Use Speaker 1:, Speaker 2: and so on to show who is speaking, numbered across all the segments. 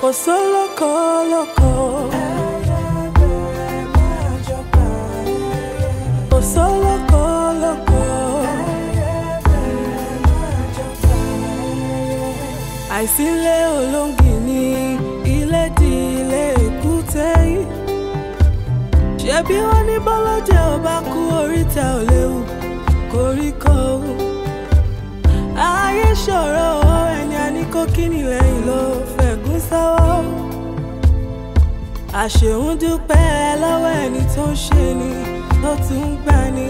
Speaker 1: kò sólókó lóko. kò sólókó lóko. àìsílẹ̀ olóńgì ni ilé di ilé èkúté yìí. ṣebí wọ́n ní bọ́lọ́jẹ́ ò bá kú oríta ò léwu koríko wù. ayé ṣòro ẹni a ní kó kíni lẹ́yìn ló sọ́wọ́ àṣeun dúpẹ́ lọ́wọ́ ẹni tó ń ṣe ni tó tún ń gbà ní.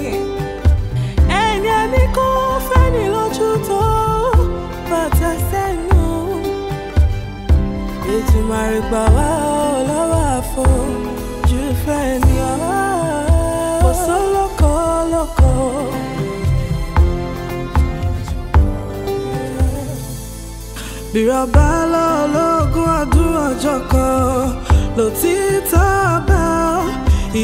Speaker 1: ẹni ẹni kò fẹ́ni lójú tó bàtà sẹ́nu ètùmọ̀ àrègbà wà ó lọ́wọ́ àfọ̀ jù fẹ́ ni ọ̀rọ̀. bírọ̀bá lọ lógún ọdún ọjọ́ kan ló ti tọ́ ọba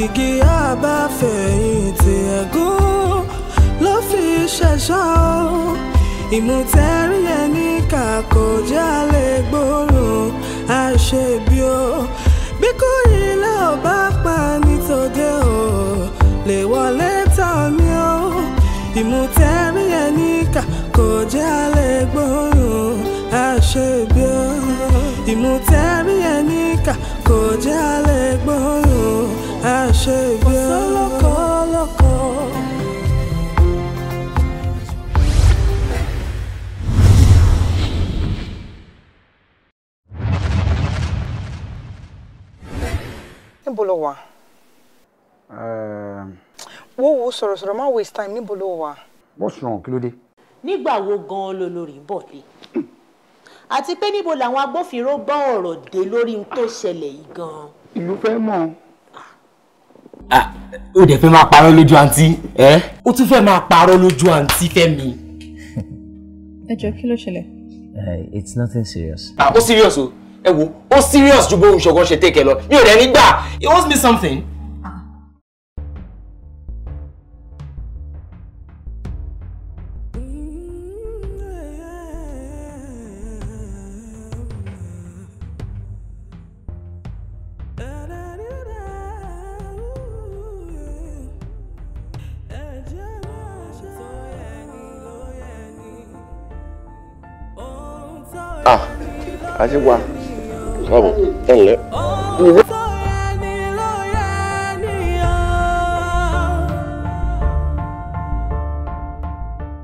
Speaker 1: igi ọba fẹ̀yìntì ẹ̀gún ló fi ṣẹ̀ṣọ́ ìmùtẹ́rí ẹni kà kò jẹ́ àlẹ́ gbòòrùn àṣebí o bí kò ilé ò pa nítòde o lè wọlé tán mi o ìmùtẹ́rí ẹni kà jẹ́ àlẹ́ àṣebí o ìmùtẹ́rí ẹni kà kò jẹ́ alẹ́ gbòòrò àṣebí o. ọ̀sọ́lọ́kọ̀ọ́lọ́kọ̀.
Speaker 2: níbo
Speaker 3: ló wà. wo wo sọ̀rọ̀sọ̀rọ̀ má waste time níbo ló wà. what's wrong kí ló dé. nígbà wo gan-an lolórí bọ̀ dé àti pé níbo làwọn agbófinró bá ọ̀rọ̀ dé lórí n tó ṣẹlẹ̀ yìí gan-an. ìlú
Speaker 4: fẹ́ mọ̀. ó dẹ̀ fẹ́ máa parọ́ lójú àǹtí ẹ́ ó tún fẹ́ máa parọ́ lójú àǹtí fẹ́mi.
Speaker 3: ẹ jọ kí ló ṣẹlẹ̀.
Speaker 2: Eh, it's nothing
Speaker 1: serious.
Speaker 4: ó serious o ẹ wo ó serious ju bó oṣù kan ṣe tẹ̀kẹ̀ lọ mi ò rẹ̀ nígbà it
Speaker 2: was me something.
Speaker 4: à ah, àti wa ọ̀bọ̀ ẹ̀ ǹlẹ́.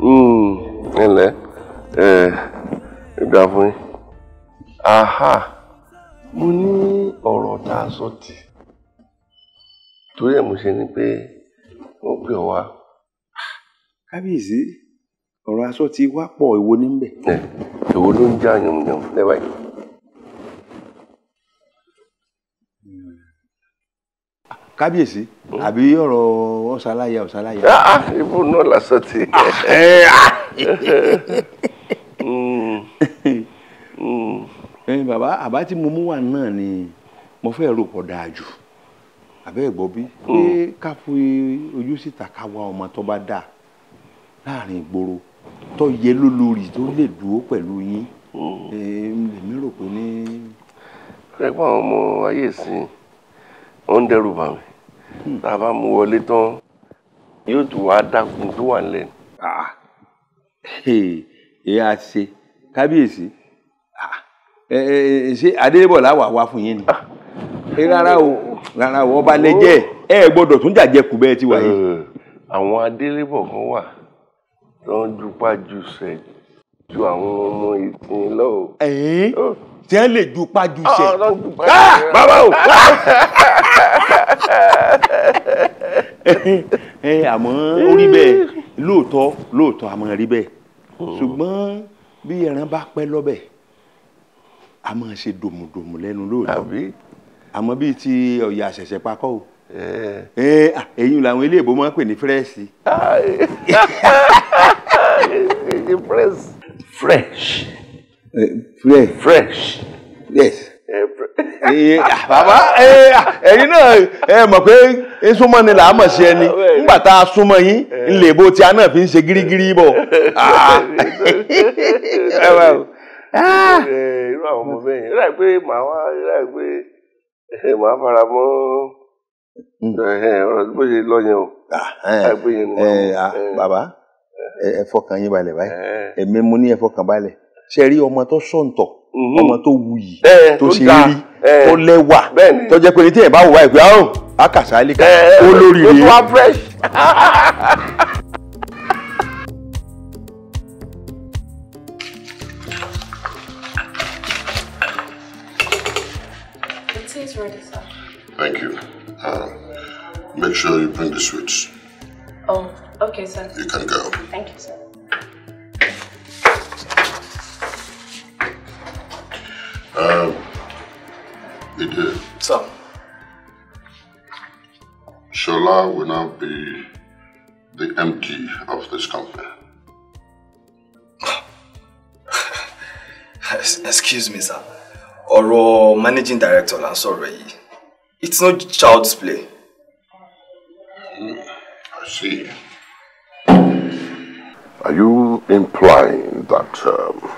Speaker 4: Hmm, ẹ ǹlẹ́ ẹ gbà fún yín. aha mo ní ọ̀rọ̀ tá a sọ tì torí ẹ̀ mo ṣe ni pé wọ́n pè ọ́ wá. kábíyèsí ọ̀rọ̀ aṣọ ti wá pọ̀ ìwo níbẹ̀ èwo ló ń já yànmùyàn lẹ́wà yìí. kábíyèsí hmm? àbí ọ̀rọ̀ ọ̀sálàyà ọ̀sálàyà. Ah, ah, ibú náà lásán ti. Ah, eh, hmm. Hmm. Eh, bàbá àbá tí mo mú wà náà ni mo fẹ́ rò pọ̀ dáa jù àbẹ́ ẹ̀gbọ́ bí pé ká fi ojú síta ká wá ọmọ tó bá dáa láàrin ìgboro tó yẹ lólórí tó lè dúró pẹ̀lú yín mm. èmi rò pé ní. ẹ̀gbọ́n ọmọ ayé ìsìn ó ń dẹ́rù bà mí hmm. tá a bá mú wọlé tán yóò tún wàá dákun tó wà nílẹ̀. èyí á ah. ṣe kábíyèsí ah. ṣé adélébọ̀ láwà wá fún yín ni ah. rárá o rárá o ọba lẹ́jẹ̀ oh. ẹ gbọ́dọ̀ tún jàjẹkù bẹ́ẹ̀ ti wáyé. Eh, àwọn adélébọ̀ kan wà tó ń jupá jùsẹ̀ ju àwọn ọmọ ìsìn lọ. ẹ̀yìn tí wọ́n lè jupá jùsẹ̀. Ah, ah, ah, bàbá o. àmọ́ ó rí bẹ́ẹ̀ lóòótọ́ lóòótọ́ àmọ́ rí bẹ́ẹ̀ hmm. ṣùgbọ́n bí ẹran bá pẹ́ lọ́bẹ̀ a máa ṣe dòmùdòmù lẹ́nu lóòótọ́ àmọ́ bíi ti ọ̀yà àṣẹ̀ṣẹ̀ pakọ́ o. ẹ̀yin làwọn ilé ìbò máa ń pè ní fírẹ́ẹ̀sì. fresh. fresh. fresh. yes. bàbá ẹ̀yin náà ẹ mọ̀ pé súnmọ́ ni làá mọ̀ sí ẹni nígbà tá a súnmọ́ yín ńlẹ̀ ìbò tí a náà fi ń ṣe gírígírí bọ̀. irú àwọn ọmọ bẹ́ẹ̀ yẹn pé màá wá pé màá fara mọ́. Mm. ọ̀rọ̀ bó ṣe lọ yẹn o. Ah, bàbá ẹ fọkàn yín balẹ̀ báyìí ẹ̀mí mo ní ẹ fọkàn balẹ̀ ṣe rí ọmọ tó sọ̀ǹtọ̀ mm-hmm. ọmọ tó wuyì tó ṣe rí tó lẹ́wà tó jẹ́ pé tí ẹ̀ bá wò wá ìgbé àrùn àkàṣà alíkà ó lórí rèé.
Speaker 1: Uh, make sure you bring the sweets.
Speaker 3: Oh, okay, sir. You
Speaker 1: can go. Thank you, sir. Um, uh, Ide. So, Shola will now be the MD of this company.
Speaker 4: Excuse me, sir. Or managing director I'm sorry. It's not child's play. Hmm, I see. Are you implying that um,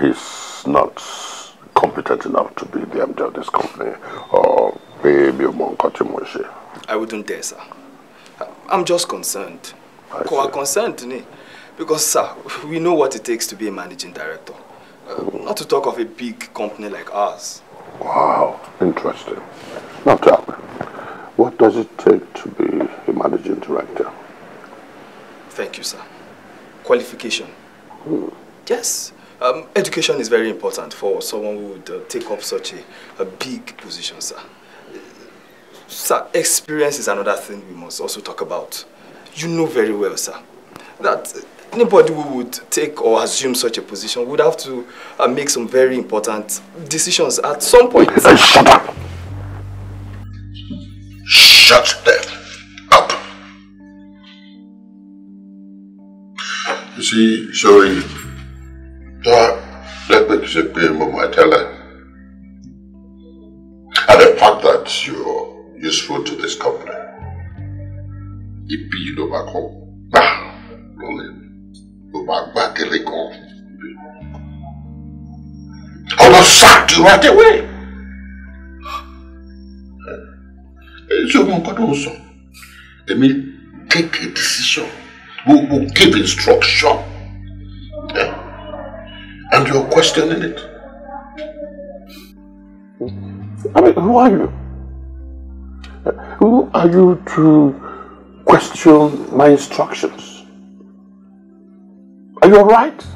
Speaker 4: he's not competent enough to be the MD of this company or maybe Monkotimoshe? I wouldn't dare, sir. I'm just concerned. We're concerned, ne? because, sir, we know what it takes to be a managing director. Uh, mm. Not to talk of a big company like ours. Wow, interesting. Now tell me, what does it take to be a managing director? Thank you, sir. Qualification. Hmm. Yes. Um, education is very important for someone who would uh, take up such a, a big position, sir. Uh, sir, experience is another thing we must also talk about. You know very well, sir, that uh, anybody who would take or assume such a position would have to uh, make some very important decisions at some point. shut up!
Speaker 1: Shut them up! You see, sorry,
Speaker 4: let
Speaker 1: me a pain of my talent. And the fact
Speaker 4: that you're useful to this company, it be no back home back back to Lagos. I right away. So my God also, I mean, take a decision. We'll, we'll give instruction. Yeah. And you're questioning it. I mean, who are you? Who are you to question my instructions? Are you all right?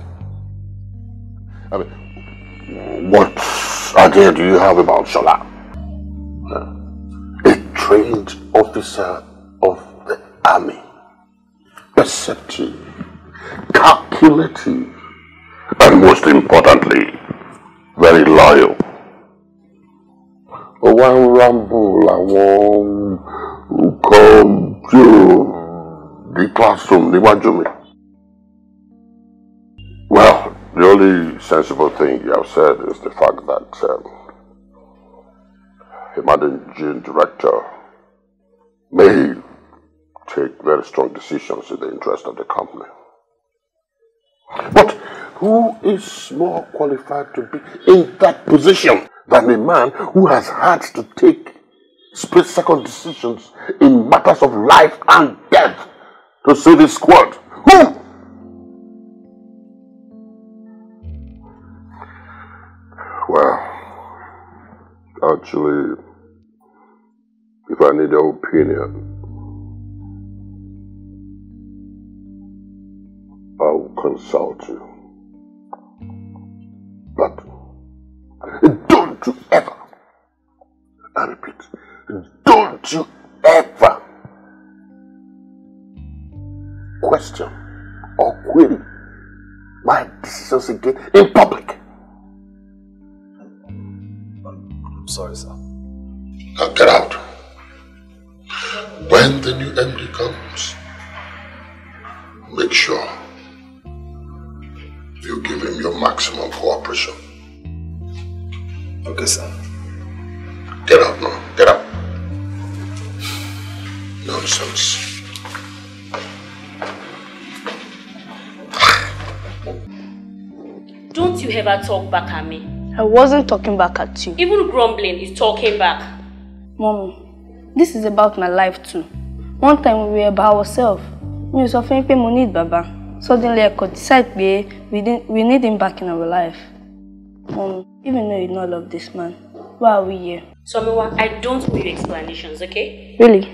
Speaker 4: I mean, what idea do you have about Shola? A trained officer of the army. Perceptive, calculative, and
Speaker 1: most importantly, very loyal.
Speaker 4: One ramble àwọn to come to the
Speaker 1: classroom to meet. The only sensible thing you have said is the fact that um, a managing director may take very strong
Speaker 4: decisions in the interest of the company. But who is more qualified to be in that position than a man who has had to take split-second decisions in matters of life and death
Speaker 1: to save his squad? Who? actually, if I need your opinion, I'll consult you. But
Speaker 4: don't you ever, I repeat, don't you ever question or query my decisions again in public. sorry, sir.
Speaker 1: Now get out. When the new MD comes, make sure you give him your maximum cooperation. Okay, sir. Get out now.
Speaker 4: Get out. Nonsense.
Speaker 5: Don't you ever talk back at me. I wasn't talking back at you. Even grumbling is talking back. Mommy, this is about my life too. One time we were by ourselves. Mi ò pay money yín pé Suddenly I could decide we, we need him back in our life. Mommy, even though you don't love this man, why are we here? Somewa, I don't need explanations, okay? Really?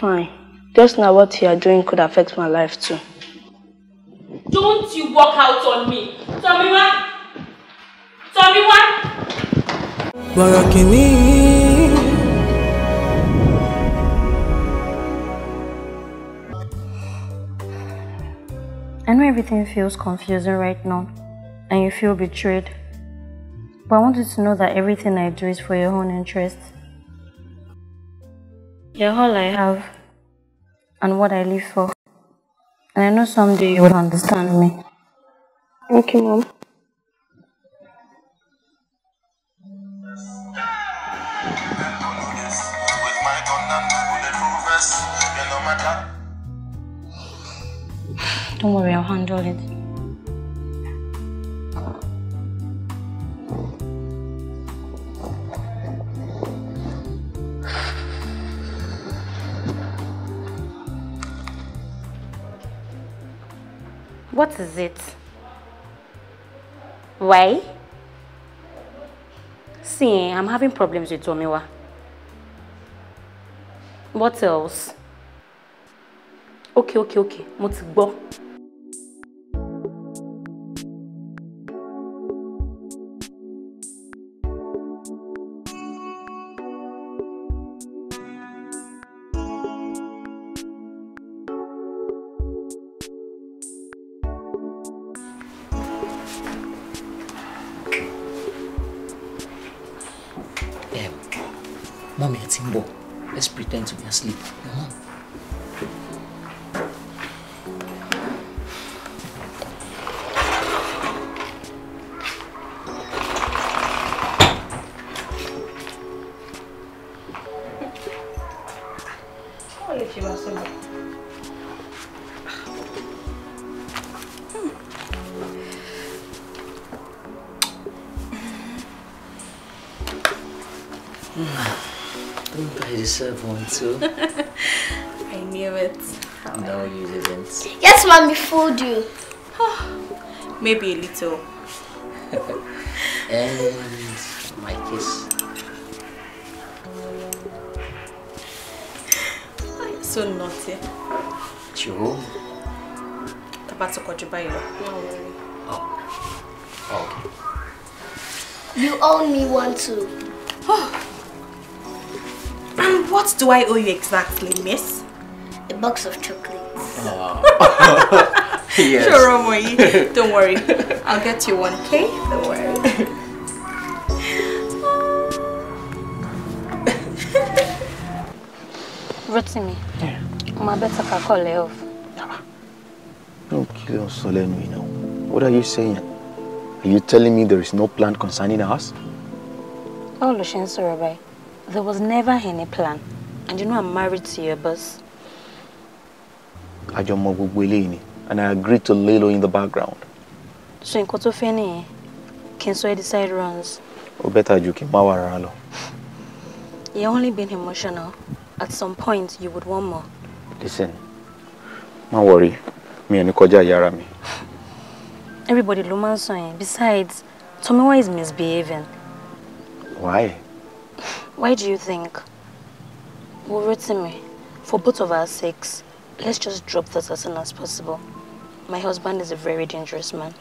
Speaker 5: Fine. Just now what you are doing could affect my life too. Don't you walk out on me. Somewa! sọ I know everything feels confusing right now and you feel betrayed. But I want you to know that everything I do is for your own interest. You're all I have and what I live for. And I know someday you will understand me. Thank you, Mom. Don't worry, I'll handle it. What is it? Why? See, I'm having problems with Tomiwa. What else? Okay,
Speaker 3: okay, okay. Mo
Speaker 2: Mommy, it's in Let's pretend to be asleep. Come on. too.
Speaker 3: I knew it.
Speaker 2: no, you didn't.
Speaker 3: Yes, mommy fooled you. Maybe a little.
Speaker 2: and my kiss.
Speaker 3: so naughty. Chihu. Tapato Kojubayo. No worry. Oh. oh.
Speaker 5: Okay. You owe me one too. Oh.
Speaker 3: And um, what do I owe you exactly, miss? A box of chocolates.
Speaker 1: Oh. yes. Sure, Omoyi.
Speaker 3: Don't worry. I'll get you one, okay? Don't worry.
Speaker 5: Rotimi. Yeah. My better can call off.
Speaker 2: Don't ah. kill your soul you What are you saying? Are you telling me there is no plan concerning us?
Speaker 5: Oh, Lucien, sorry, bye. There was never any plan. And you know I'm married to your boss.
Speaker 4: Àjọ mọ gbogbo eléyìí ni and I agreed to lay in the background.
Speaker 5: So in tó fẹ́ nìyẹn kí n side runs.
Speaker 4: Ó bẹ́tà ju kí n
Speaker 5: You're only being emotional. At some point you would want more.
Speaker 4: Listen, don't worry, Me and ní kọjá yàrá
Speaker 5: Everybody ló máa Besides, Tomiwa is misbehaving. Why? Why do you think? me? for both of our sakes, let's just drop this as soon as possible. My husband is a very dangerous man.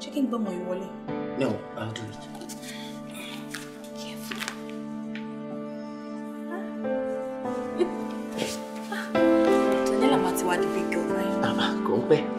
Speaker 3: ṣé kí n gbọ́mọ yìí wọlé.
Speaker 2: no i'll do it.
Speaker 3: Ah. Ah. Daniela ma ti wá di big girl báyìí. Màmá kò ń pẹ́.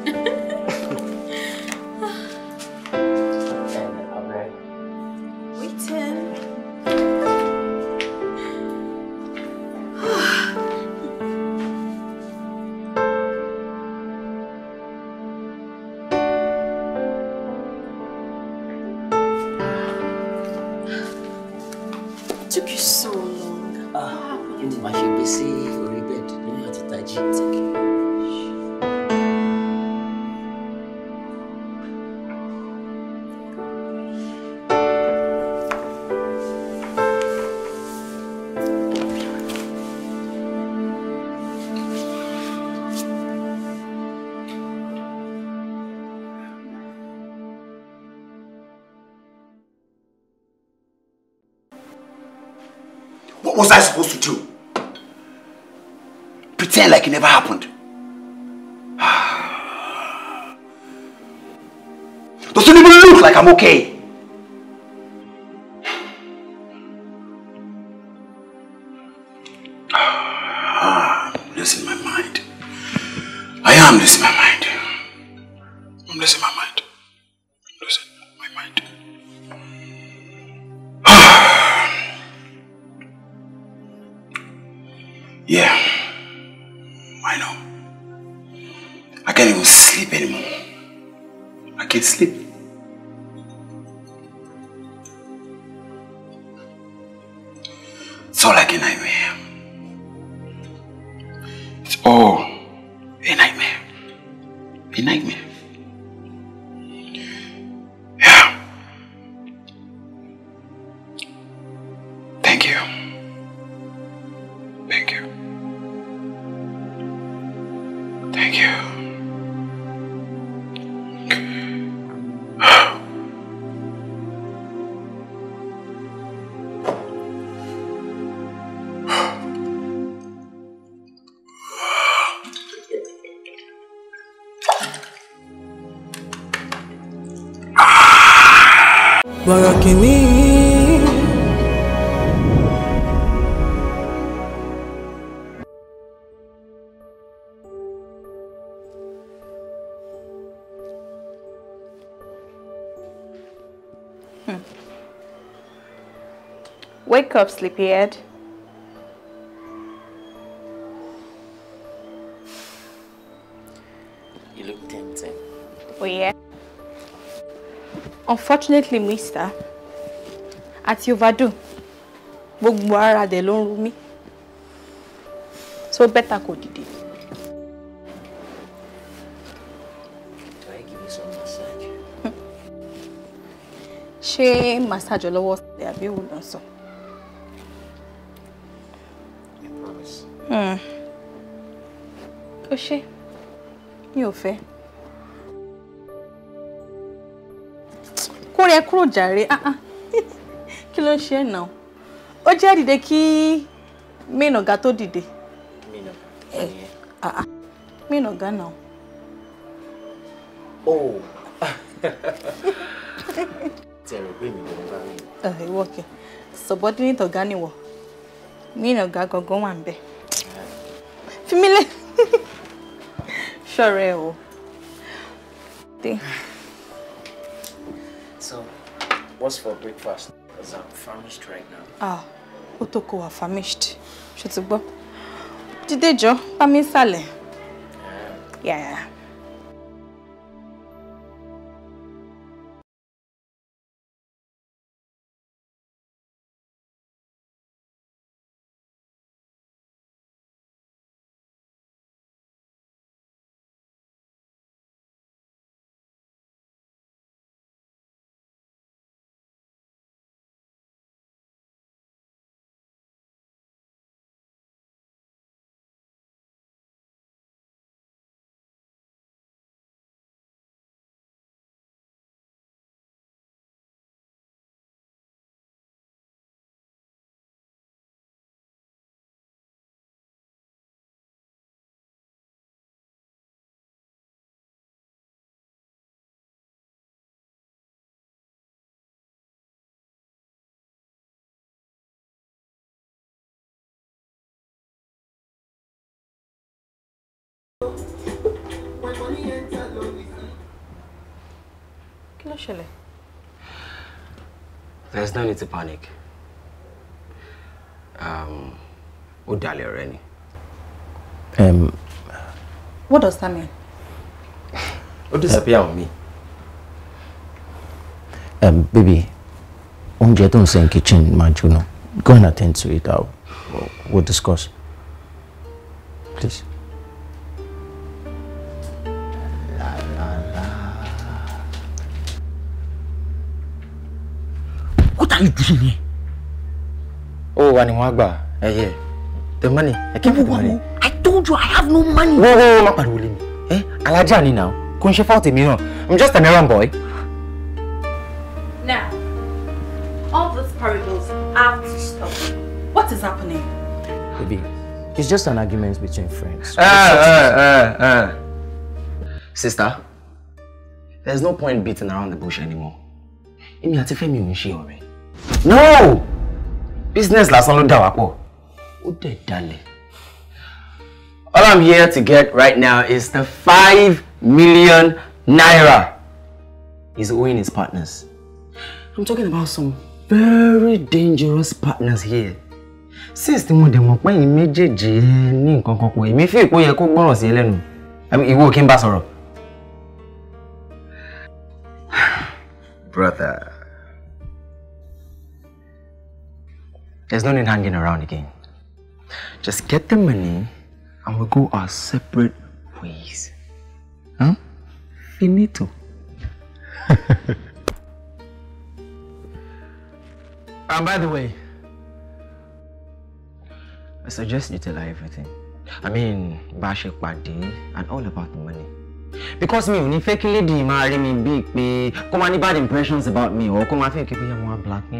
Speaker 4: What was I supposed to do? Pretend like it never happened.
Speaker 2: Doesn't even look like I'm okay.
Speaker 1: I can sleep.
Speaker 3: Wake up, sleepyhead.
Speaker 2: You look tempting.
Speaker 3: Oh, yeah. Unfortunately, mister, at overdue, gbogbo ara dẹ̀ ló ń ru So better go kò dìde. Hmm. ṣé massage ọlọ́wọ́ sílẹ̀ àbí òun náà sọ. So. Hmm. ó ṣe mi ò fẹ́. kúrẹ́ kúrò jàre ah, ah. kí ló ń ṣe ẹ̀ náà ó jẹ́ dìde kí main ọ̀gá tó dìde. main ọ̀gá eh, ah, náà. ó oh.
Speaker 2: tẹ̀rọ pé mi ò bá rí i.
Speaker 3: Eh, ìwọ kẹ subordinate ọ̀gá nìwọ main ọ̀gá gangan wà ń bẹ̀ fi mí lẹ̀
Speaker 2: So, what's for breakfast? Because I'm famished right now. Ah,
Speaker 3: ó tó famished. Ṣé o ti gbọ́? Jídé jọ, bá Yeah. yeah. kí
Speaker 2: There's no need to panic. Um, ó dalẹ̀ ọ̀rẹ́ Um, What does that mean? ó disappear on me. Um, baby, oúnjẹ tó ń sẹ́ ń kitchen máa Go and attend to it. I'll, we'll discuss. Please. sanity ni. ó wà ní wọn the money ẹ kí n money. i told you i have no money. Whoa, whoa, whoa! pariwo lé mi ẹ alájà ni now kò ń ṣe fáwọn tèmi náà i'm just an errand boy.
Speaker 3: now all these parables have to stop what is happening.
Speaker 2: baby it's just an argument between friends. Uh, uh, uh, uh. sister there's no point beating around the bush anymore èmi àti Fẹ́mi ò she, ṣe ọ̀rẹ́ no business lásán ló dà wá pọ̀ ó dẹ̀ dalẹ̀. All I'm here to get right now is the five million naira he's owing his partners. I'm talking about some very dangerous partners here. Since tí mo dẹ̀ mọ̀ pé ẹ̀yin méjèèjì ní nǹkan kan pọ̀, èmi fi ìpò yẹ kó gbọ́rọ̀ sí ẹlẹ́nu. Ìwọ kí n bá sọ̀rọ̀. Brother. There's no need hanging around again. Just get the money and we'll go our separate ways. Huh? Finito. and by the way, I suggest you tell her everything. I mean, Bashir Padi and all about the money. Because me, ò ní fẹ́ kí lady marry me, mi come pé bad impressions about me or come máa fẹ́ kí you ọmọ more black, mi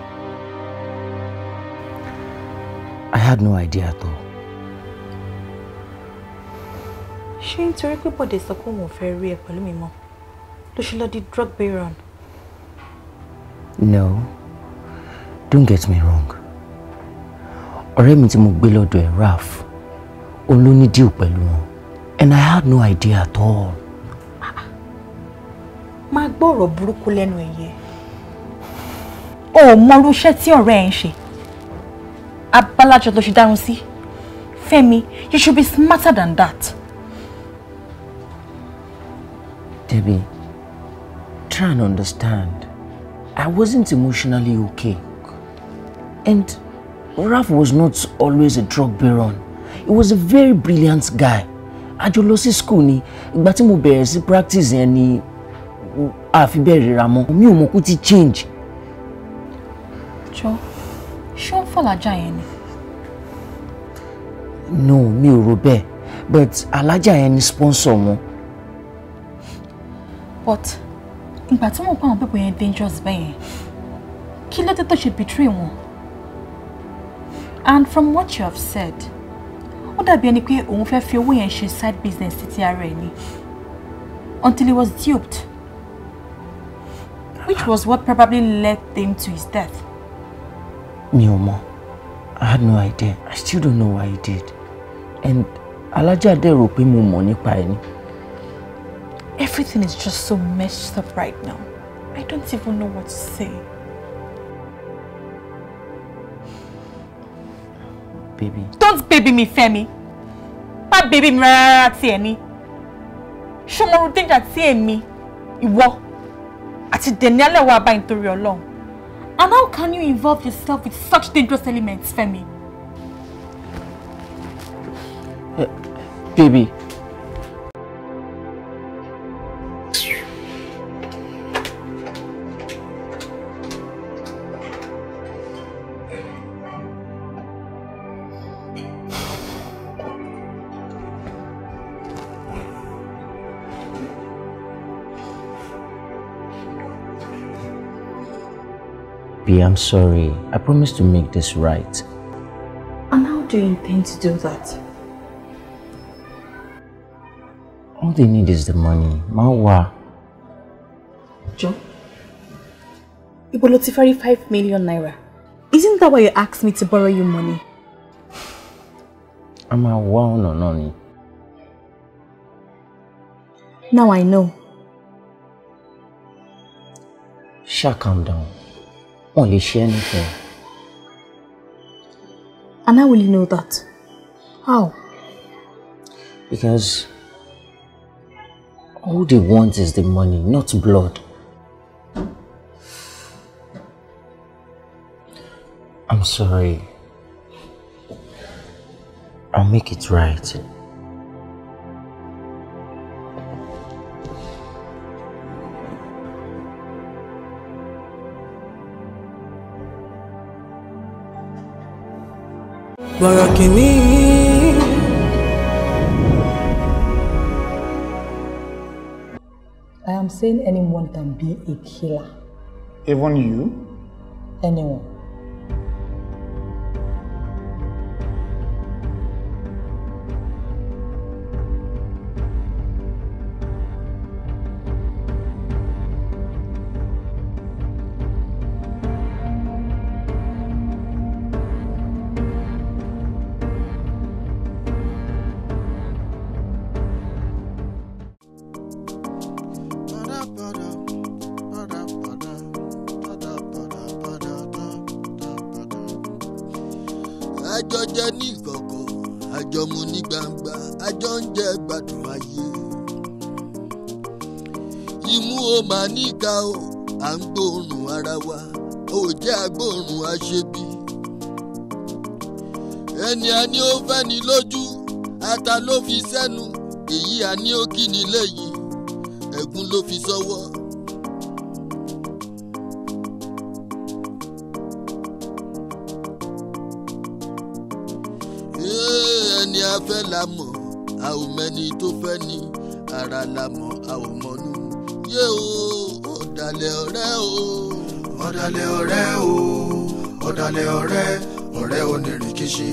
Speaker 2: I had no idea at all.
Speaker 3: ṣé nítorí pé Bọ̀dé sọ pé òun ò fẹ́ rí ẹ pẹ̀lú mi di drug baron.
Speaker 2: No, don't get me wrong. ọ̀rẹ́ mi tí mo gbé lọ́dọ̀ ẹ̀ Ralph òun ló and I had no idea at all.
Speaker 3: Magboro gbọ́ ọ̀rọ̀ burúkú lẹ́nu ẹ̀yẹ. o ò mọ lápálájọ ló ṣe you should be smarter than that.
Speaker 2: Debbie, try and understand. I wasn't emotionally okay. And Ralph was not always a drug baron. He was a very brilliant guy. Àjọ lọ sí school ni ìgbà tí mo bẹ̀rẹ̀ sí practice yẹn ni àfi bẹ́ẹ̀ ríra mọ́. Mi ò mọ̀ kó ti change.
Speaker 3: Jọ, ṣé ó ń fàlàjà yẹn
Speaker 2: no mi ò rò bẹ́ẹ̀ but alájà yẹn ni sponsor wọn.
Speaker 3: but ìgbà tí mo pa àwọn pípọ̀ yẹn dangerous bẹ́ẹ̀ yẹn kí ló dé tó ṣe betray wọn and from what you have said ó dàbí ẹni pé òun fẹ́ fi owó yẹn ṣe side business títí ara ẹ̀ ni until he was duped which was what probably led him to his death.
Speaker 2: mi ò mọ̀ I had no idea I still don't know why he did and alájà dẹ̀ rò pé mo mọ̀ nípa ẹ̀ ni.
Speaker 3: Everything is just so messed up right now. I don't even know what to say. Baby. Don't baby me, Femi. Má baby mi rárá ti ẹ̀ ni. Ṣé mo ru danger tí èmi, ìwọ, àti Danielle wà báyìí nítorí Ọlọ́run? And how can you involve yourself with such dangerous elements, Femi?
Speaker 2: Baby, I'm sorry. I promise to make this right.
Speaker 3: And how do you intend to do that?
Speaker 2: All they need is the money. Mawa.
Speaker 3: Joe, You lo ti five million naira. Isn't that why you asked me to borrow you money?
Speaker 2: I'm a one no one. Now I know. Sha calm down. Only share anything.
Speaker 3: And how will you know that? How?
Speaker 2: Because all they want is the money, not blood. I'm sorry. I'll make it right.
Speaker 1: Barakini
Speaker 3: I'm saying anyone can be a killer.
Speaker 2: Even you?
Speaker 3: Anyone.
Speaker 4: àjọjẹ ní ìkọ̀kọ̀ àjọmu ní gbangba àjọ ń jẹ gbádùn ayé imú o máa níka o à ń gbóòórùn ara wa ò jẹ́ agbóòórùn aṣebi ẹni a ní ó fẹ́ni lójú ata ló fi sẹ́nu èyí a ní ó kí ni léyìí ẹ̀gún ló fi sọ́wọ́ fẹ́ la mọ̀ a ò mẹ́ni tó fẹ́ ni ara la mọ̀ a ò mọ̀nú. yé o ọ̀dàlẹ̀ ọ̀rẹ́ o. ọ̀dàlẹ̀ ọ̀rẹ́ o ọ̀dàlẹ̀ ọ̀rẹ́ ọ̀rẹ́ onírìkíṣí.